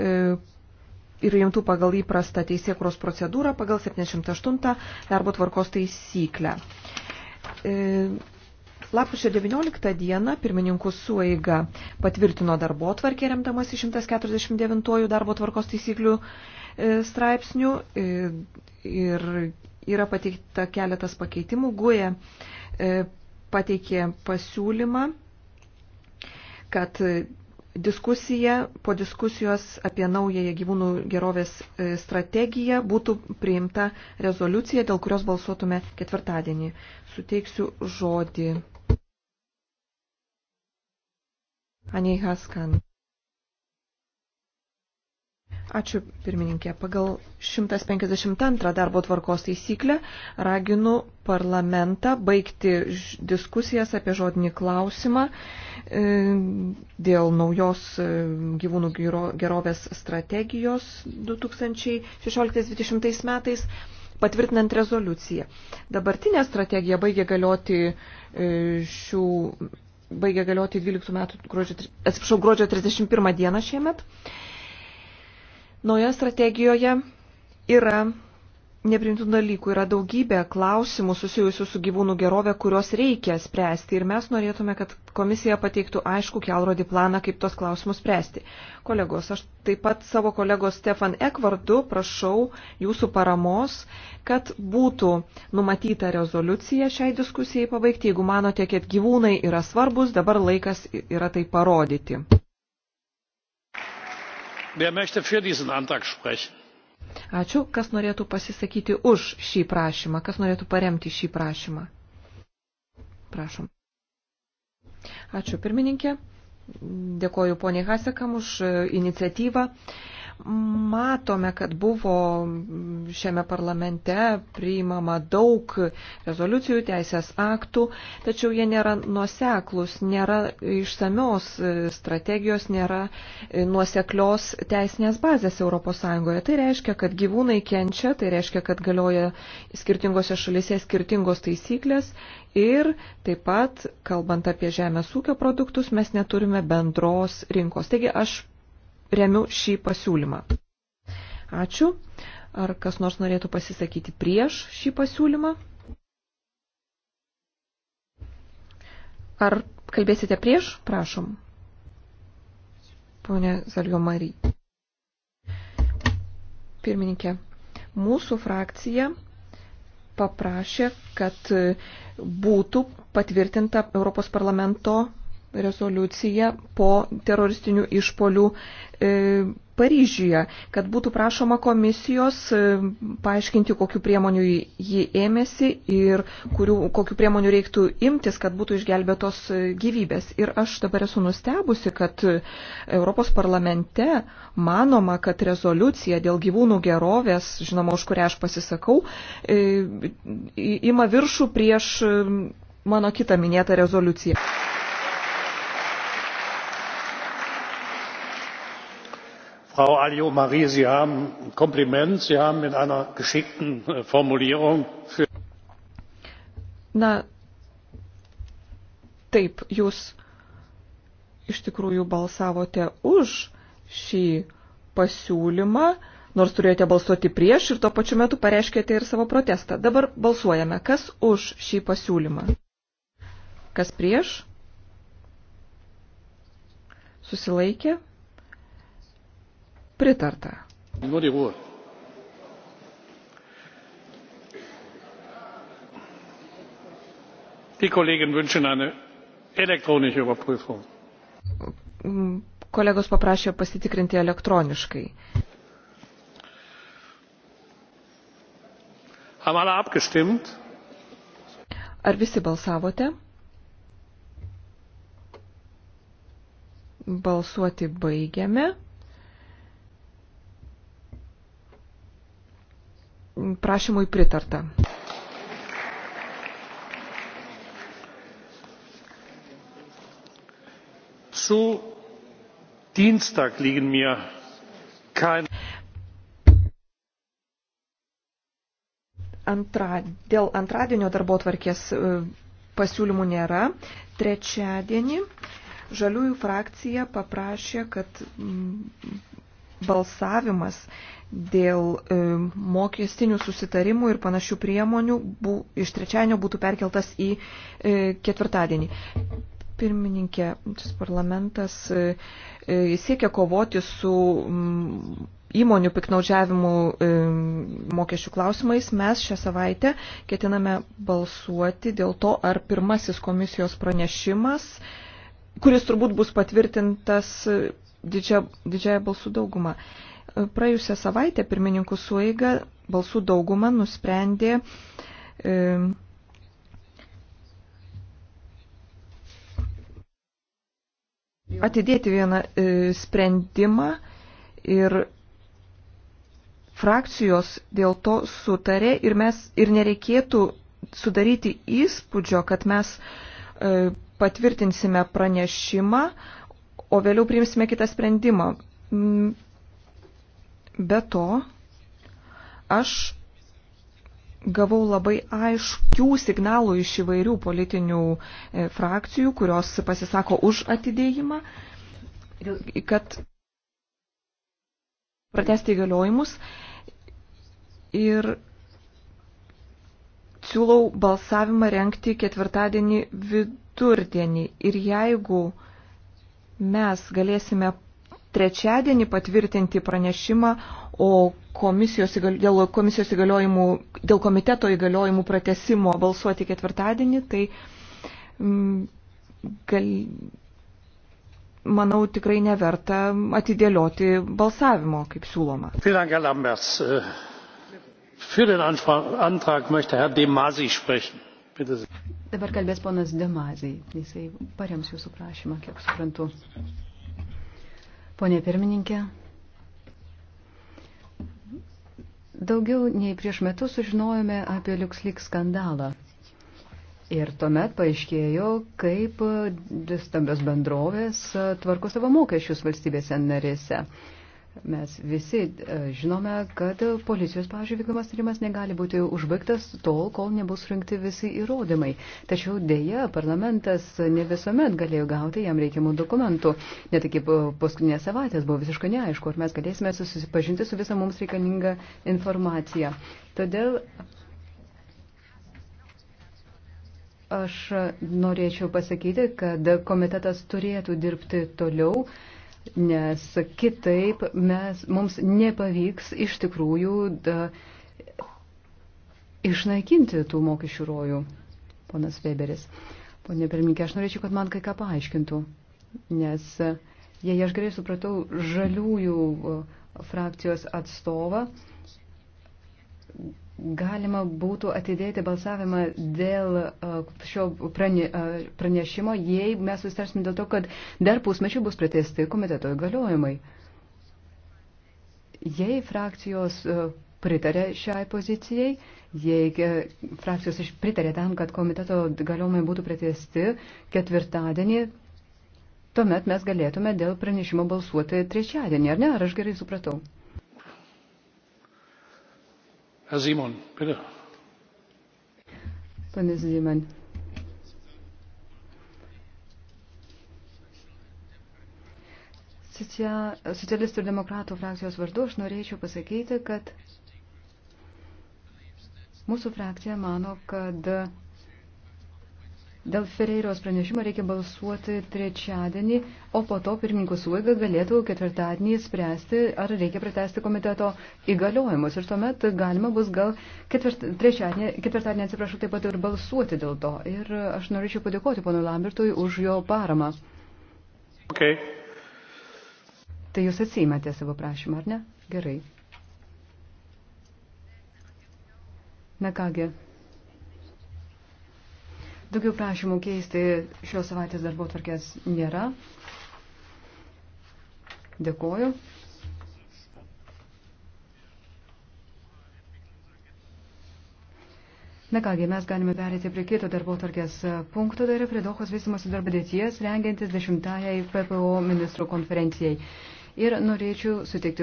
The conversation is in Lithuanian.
E, ir rimtų pagal įprastą teisėkros procedūrą pagal 78 darbo tvarkos taisyklę. E, lapkričio 19 dieną pirmininkų sueiga patvirtino darbo tvarkę remdamas 149 darbo tvarkos taisyklių e, straipsnių ir yra pateikta keletas pakeitimų. Guja pateikė pasiūlymą, kad diskusija, po diskusijos apie naująją gyvūnų gerovės e, strategiją būtų priimta rezoliucija, dėl kurios balsuotume ketvirtadienį. Suteiksiu žodį. Anei Haskan. Ačiū, pirmininkė. Pagal 152 darbo tvarkos taisyklę raginu parlamentą baigti diskusijas apie žodinį klausimą e, dėl naujos e, gyvūnų gerovės strategijos 2016-2020 metais patvirtinant rezoliuciją. Dabartinė strategija baigė galioti e, šių baigė galioti 12 metų gruodžio, atsiprašau, gruodžio 31 dieną šiemet Naujoje strategijoje yra neprimtų dalykų, yra daugybė klausimų susijusių su gyvūnų gerove, kuriuos reikia spręsti ir mes norėtume, kad komisija pateiktų aišku kelrodį planą, kaip tos klausimus spręsti. Kolegos, aš taip pat savo kolegos Stefan Ek vardu prašau jūsų paramos, kad būtų numatyta rezoliucija šiai diskusijai pabaigti, jeigu manote, kad gyvūnai yra svarbus, dabar laikas yra tai parodyti. Ačiū, kas norėtų pasisakyti už šį prašymą, kas norėtų paremti šį prašymą. Prašom. Ačiū pirmininkė. Dėkoju poniai Hasekam už iniciatyvą. Matome, kad buvo šiame parlamente priimama daug rezoliucijų, teisės aktų, tačiau jie nėra nuoseklus, nėra išsamios strategijos, nėra nuoseklios teisinės bazės ES. Tai reiškia, kad gyvūnai kenčia, tai reiškia, kad galioja skirtingose šalise skirtingos taisyklės ir taip pat, kalbant apie žemės ūkio produktus, mes neturime bendros rinkos. Taigi aš remiu šį pasiūlymą. Ačiū. Ar kas nors norėtų pasisakyti prieš šį pasiūlymą? Ar kalbėsite prieš? Prašom. Pone Zalio Mary. Pirmininkė, mūsų frakcija paprašė, kad būtų patvirtinta Europos parlamento rezoliuciją po teroristinių išpolių e, Paryžiuje, kad būtų prašoma komisijos e, paaiškinti, kokiu priemoniu jį ėmėsi ir kurių, kokiu priemoniu reiktų imtis, kad būtų išgelbėtos e, gyvybės. Ir aš dabar esu nustebusi, kad e, Europos parlamente manoma, kad rezoliucija dėl gyvūnų gerovės, žinoma, už kurią aš pasisakau, ima viršų prieš mano kitą minėtą rezoliuciją. frau aliomarie sie haben ein kompliment sie haben mit einer geschickten äh, formulierung für. na taip jūs iš tikrųjų balsavote už šį pasiūlymą nors turėjote balsuoti prieš ir tuo pačiu metu pareiškėte ir savo protestą. Dabar balsuojame, kas už šį pasiūlymą. Kas prieš? Susilaikė? Pritarta. Die Kollegen wünschen eine elektronische Überprüfung. Kolegos paprašė pasitikrinti elektroniškai. Haben alle abgestimmt? Ar visi balsavote? Balsuoti baigiame. prašymui pritarta. Zu Dienstag liegen mir keine. Antra, dėl antradienio darbo tvarkės e, pasiūlymų nėra. Trečiadienį žaliųjų frakcija paprašė, kad balsavimas dėl e, mokestinių susitarimų ir panašių priemonių bu, iš trečiadienio būtų perkeltas į e, ketvirtadienį. Pirmininkė, šis parlamentas e, e siekia kovoti su m, mm, įmonių piknaudžiavimu e, mokesčių klausimais. Mes šią savaitę ketiname balsuoti dėl to, ar pirmasis komisijos pranešimas kuris turbūt bus patvirtintas didžia, didžiaja balsų dauguma. Praėjusią savaitę pirmininkų suiga balsų dauguma nusprendė e, atidėti vieną e, sprendimą ir frakcijos dėl to sutarė ir, mes, ir nereikėtų sudaryti įspūdžio, kad mes e, patvirtinsime pranešimą, e, o vėliau priimsime kitą sprendimą. Mm, be to, aš gavau labai aiškių signalų iš įvairių politinių e, frakcijų, kurios pasisako už atidėjimą, kad pratesti įgaliojimus ir siūlau balsavimą renkti ketvirtadienį vidurdienį. Ir jeigu mes galėsime trečiadienį patvirtinti pranešimą, o komisijos, dėl, komisijos įgaliojimų, dėl komiteto įgaliojimų pratesimo balsuoti ketvirtadienį, tai mm, gal, manau tikrai neverta atidėlioti balsavimo, kaip siūloma. Äh, für den Antrag möchte Herr De Masi sprechen. Bitte sehr. Dabar kalbės ponas Demazai. Jisai parems jūsų prašymą, kiek suprantu. Pone pirmininkė, daugiau nei prieš metus sužinojome apie LuxLeaks skandalą. Ir tuomet paaiškėjo, kaip stambios bendrovės tvarko savo mokesčius valstybėse narėse. Mes visi e, žinome, kad policijos, pavyzdžiui, vykdomas tyrimas negali būti užbaigtas tol, kol nebus rinkti visi įrodymai. Tačiau dėja, parlamentas ne visuomet galėjo gauti jam reikiamų dokumentų. Net iki paskutinės savaitės buvo visiškai neaišku, ar mes galėsime susipažinti su visa mums reikalinga informacija. Todėl aš norėčiau pasakyti, kad komitetas turėtų dirbti toliau nes kitaip mes, mums nepavyks iš tikrųjų da, išnaikinti tų mokesčių rojų, ponas Weberis. Pone pirmininkė, aš norėčiau, kad man kai ką paaiškintų, nes e, jei aš gerai supratau žaliųjų e, frakcijos atstovą, galima būtų atidėti balsavimą dėl šio pranešimo, jei mes susitarsime dėl to, kad dar pusmečių bus pratesti komiteto įgaliojimai. Jei frakcijos pritarė šiai pozicijai, jei frakcijos pritarė tam, kad komiteto galiojimai būtų pratesti ketvirtadienį, tuomet mes galėtume dėl pranešimo balsuoti trečiadienį, ar ne? Ar aš gerai supratau? Herr Simon, bitte. Pane Simon. Socialistų ir demokratų frakcijos vardu aš norėčiau pasakyti, kad mūsų frakcija mano, kad Dėl Ferreiros pranešimo reikia balsuoti trečiadienį, o po to pirmininkų suvaiga galėtų ketvirtadienį spręsti, ar reikia pritesti komiteto įgaliojimus. Ir tuomet galima bus gal ketvirt, trečiadienį, ketvirtadienį, atsiprašau, taip pat ir balsuoti dėl to. Ir aš norėčiau padėkoti ponui Lambertui už jo paramą. Okay. Tai jūs atsiimate savo prašymą, ar ne? Gerai. Na kągi. Daugiau prašymų keisti šios savaitės darbo tvarkės nėra. Dėkuoju. Na kągi, mes galime perėti prie kito darbo tarkės punkto, tai yra prie Dohos vystimosi darbdėties, rengiantis dešimtajai PPO ministro konferencijai. Ir norėčiau suteikti